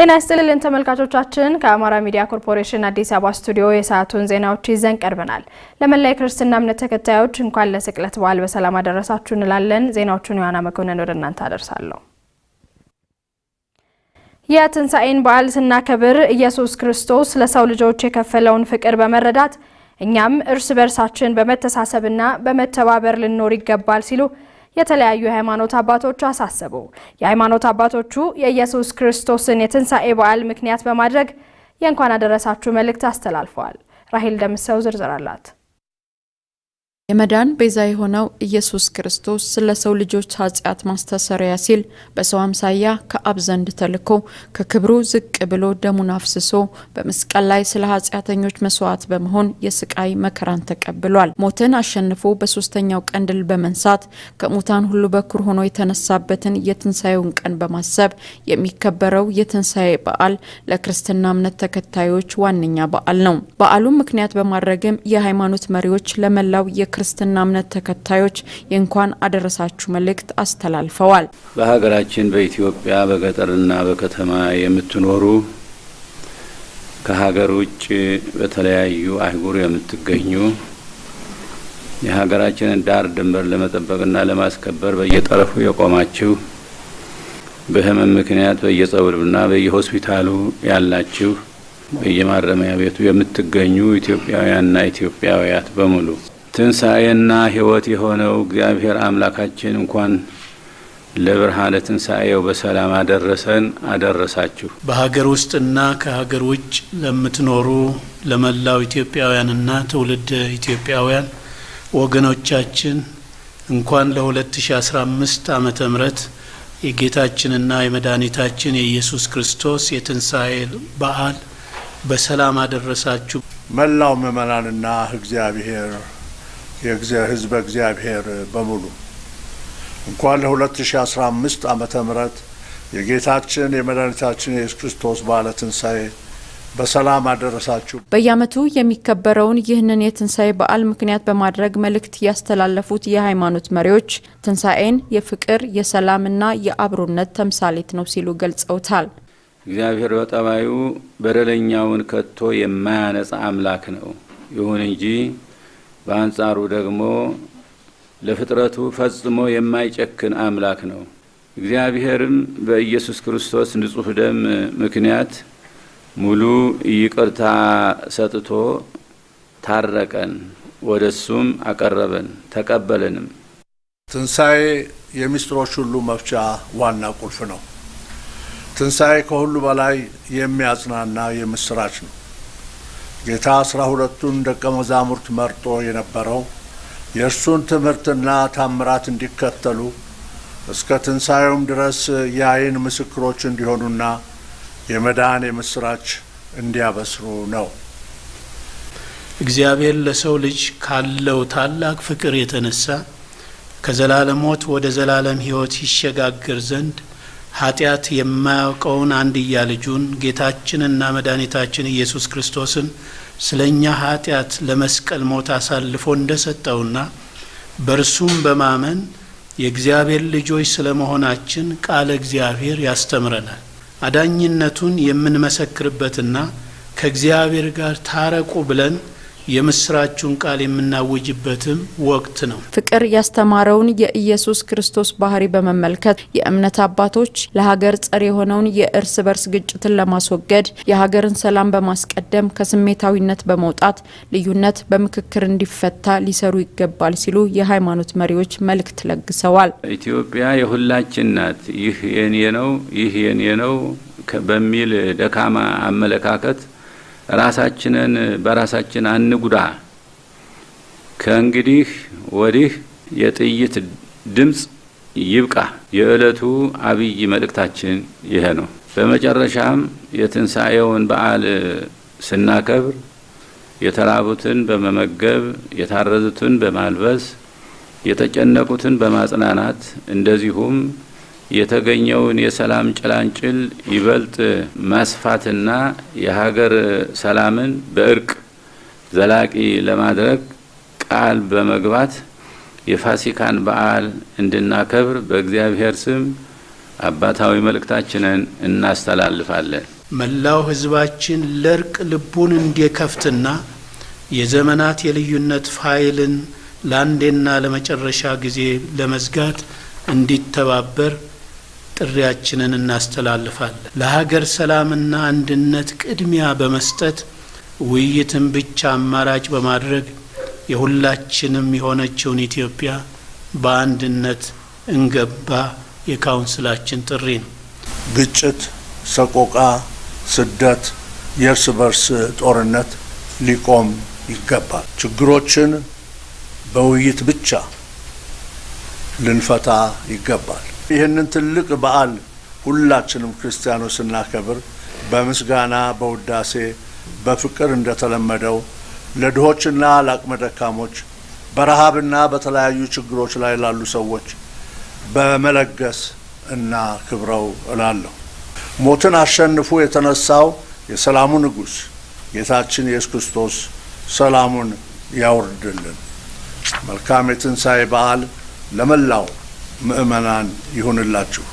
ጤና ይስጥልን ተመልካቾቻችን፣ ከአማራ ሚዲያ ኮርፖሬሽን አዲስ አበባ ስቱዲዮ የሰዓቱን ዜናዎች ይዘን ቀርበናል። ለመላ የክርስትና እምነት ተከታዮች እንኳን ለስቅለት በዓል በሰላም አደረሳችሁ እንላለን። ዜናዎቹን ዮሐና መኮንን ወደ እናንተ አደርሳለሁ። የትንሣኤን በዓል ስናከብር ኢየሱስ ክርስቶስ ለሰው ልጆች የከፈለውን ፍቅር በመረዳት እኛም እርስ በርሳችን በመተሳሰብና በመተባበር ልንኖር ይገባል ሲሉ የተለያዩ የሃይማኖት አባቶች አሳሰቡ። የሃይማኖት አባቶቹ የኢየሱስ ክርስቶስን የትንሣኤ በዓል ምክንያት በማድረግ የእንኳን አደረሳችሁ መልእክት አስተላልፈዋል። ራሄል ደምሰው ዝርዝር አላት። የመዳን ቤዛ የሆነው ኢየሱስ ክርስቶስ ስለ ሰው ልጆች ኃጢአት ማስተሰሪያ ሲል በሰው አምሳያ ከአብ ዘንድ ተልኮ ከክብሩ ዝቅ ብሎ ደሙን አፍስሶ በመስቀል ላይ ስለ ኃጢአተኞች መስዋዕት በመሆን የስቃይ መከራን ተቀብሏል። ሞትን አሸንፎ በሶስተኛው ቀን ድል በመንሳት ከሙታን ሁሉ በኩር ሆኖ የተነሳበትን የትንሣኤውን ቀን በማሰብ የሚከበረው የትንሣኤ በዓል ለክርስትና እምነት ተከታዮች ዋነኛ በዓል ነው። በዓሉን ምክንያት በማድረግም የሃይማኖት መሪዎች ለመላው ክርስትና እምነት ተከታዮች የእንኳን አደረሳችሁ መልእክት አስተላልፈዋል። በሀገራችን በኢትዮጵያ በገጠርና በከተማ የምትኖሩ ከሀገር ውጭ በተለያዩ አህጉር የምትገኙ የሀገራችንን ዳር ድንበር ለመጠበቅና ለማስከበር በየጠረፉ የቆማችሁ በህመም ምክንያት በየጸበሉና በየሆስፒታሉ ያላችሁ በየማረሚያ ቤቱ የምትገኙ ኢትዮጵያውያንና ኢትዮጵያውያት በሙሉ ትንሣኤና ሕይወት የሆነው እግዚአብሔር አምላካችን እንኳን ለብርሃነ ትንሣኤው በሰላም አደረሰን አደረሳችሁ። በሀገር ውስጥና ከሀገር ውጭ ለምትኖሩ ለመላው ኢትዮጵያውያንና ትውልድ ኢትዮጵያውያን ወገኖቻችን እንኳን ለ2015 ዓመተ ምህረት የጌታችንና የመድኃኒታችን የኢየሱስ ክርስቶስ የትንሣኤ በዓል በሰላም አደረሳችሁ። መላው ምእመናንና እግዚአብሔር ህዝበ እግዚአብሔር በሙሉ እንኳን ለ2015 ዓመተ ምህረት የጌታችን የመድኃኒታችን የኢየሱስ ክርስቶስ በዓለ ትንሣኤ በሰላም አደረሳችሁ። በየዓመቱ የሚከበረውን ይህንን የትንሣኤ በዓል ምክንያት በማድረግ መልእክት ያስተላለፉት የሃይማኖት መሪዎች ትንሣኤን የፍቅር የሰላምና የአብሮነት ተምሳሌት ነው ሲሉ ገልጸውታል። እግዚአብሔር በጠባዩ በደለኛውን ከቶ የማያነጻ አምላክ ነው። ይሁን እንጂ በአንጻሩ ደግሞ ለፍጥረቱ ፈጽሞ የማይጨክን አምላክ ነው። እግዚአብሔርም በኢየሱስ ክርስቶስ ንጹሕ ደም ምክንያት ሙሉ ይቅርታ ሰጥቶ ታረቀን፣ ወደ እሱም አቀረበን፣ ተቀበለንም። ትንሣኤ የሚስጥሮች ሁሉ መፍቻ ዋና ቁልፍ ነው። ትንሣኤ ከሁሉ በላይ የሚያጽናና የምስራች ነው። ጌታ አስራ ሁለቱን ደቀ መዛሙርት መርጦ የነበረው የእርሱን ትምህርትና ታምራት እንዲከተሉ እስከ ትንሣኤውም ድረስ የአይን ምስክሮች እንዲሆኑና የመዳን የምስራች እንዲያበስሩ ነው። እግዚአብሔር ለሰው ልጅ ካለው ታላቅ ፍቅር የተነሳ ከዘላለም ሞት ወደ ዘላለም ሕይወት ይሸጋገር ዘንድ ኃጢአት የማያውቀውን አንድያ ልጁን ጌታችንና መድኃኒታችን ኢየሱስ ክርስቶስን ስለ እኛ ኃጢአት ለመስቀል ሞት አሳልፎ እንደ ሰጠውና በእርሱም በማመን የእግዚአብሔር ልጆች ስለ መሆናችን ቃለ እግዚአብሔር ያስተምረናል። አዳኝነቱን የምንመሰክርበትና ከእግዚአብሔር ጋር ታረቁ ብለን የምስራችሁን ቃል የምናውጅበትም ወቅት ነው። ፍቅር ያስተማረውን የኢየሱስ ክርስቶስ ባህሪ በመመልከት የእምነት አባቶች ለሀገር ጸር የሆነውን የእርስ በርስ ግጭትን ለማስወገድ የሀገርን ሰላም በማስቀደም ከስሜታዊነት በመውጣት ልዩነት በምክክር እንዲፈታ ሊሰሩ ይገባል ሲሉ የሃይማኖት መሪዎች መልእክት ለግሰዋል። ኢትዮጵያ የሁላችን ናት፣ ይህ የኔ ነው፣ ይህ የኔ ነው በሚል ደካማ አመለካከት ራሳችንን በራሳችን አንጉዳ፣ ከእንግዲህ ወዲህ የጥይት ድምፅ ይብቃ። የዕለቱ አብይ መልእክታችን ይሄ ነው። በመጨረሻም የትንሣኤውን በዓል ስናከብር የተራቡትን በመመገብ የታረዙትን በማልበስ የተጨነቁትን በማጽናናት እንደዚሁም የተገኘውን የሰላም ጭላንጭል ይበልጥ ማስፋትና የሀገር ሰላምን በእርቅ ዘላቂ ለማድረግ ቃል በመግባት የፋሲካን በዓል እንድናከብር በእግዚአብሔር ስም አባታዊ መልእክታችንን እናስተላልፋለን። መላው ሕዝባችን ለእርቅ ልቡን እንዲከፍትና የዘመናት የልዩነት ፋይልን ለአንዴና ለመጨረሻ ጊዜ ለመዝጋት እንዲተባበር ጥሪያችንን እናስተላልፋለን። ለሀገር ሰላምና አንድነት ቅድሚያ በመስጠት ውይይትን ብቻ አማራጭ በማድረግ የሁላችንም የሆነችውን ኢትዮጵያ በአንድነት እንገባ የካውንስላችን ጥሪ ነው። ግጭት፣ ሰቆቃ፣ ስደት፣ የእርስ በርስ ጦርነት ሊቆም ይገባል። ችግሮችን በውይይት ብቻ ልንፈታ ይገባል። ይህንን ትልቅ በዓል ሁላችንም ክርስቲያኖች ስናከብር በምስጋና በውዳሴ በፍቅር እንደተለመደው ለድሆችና ለአቅመ ደካሞች በረሃብና በተለያዩ ችግሮች ላይ ላሉ ሰዎች በመለገስ እና ክብረው እላለሁ። ሞትን አሸንፎ የተነሳው የሰላሙ ንጉሥ ጌታችን ኢየሱስ ክርስቶስ ሰላሙን ያውርድልን። መልካም የትንሣኤ በዓል ለመላው ምእመናን ይሁንላችሁ።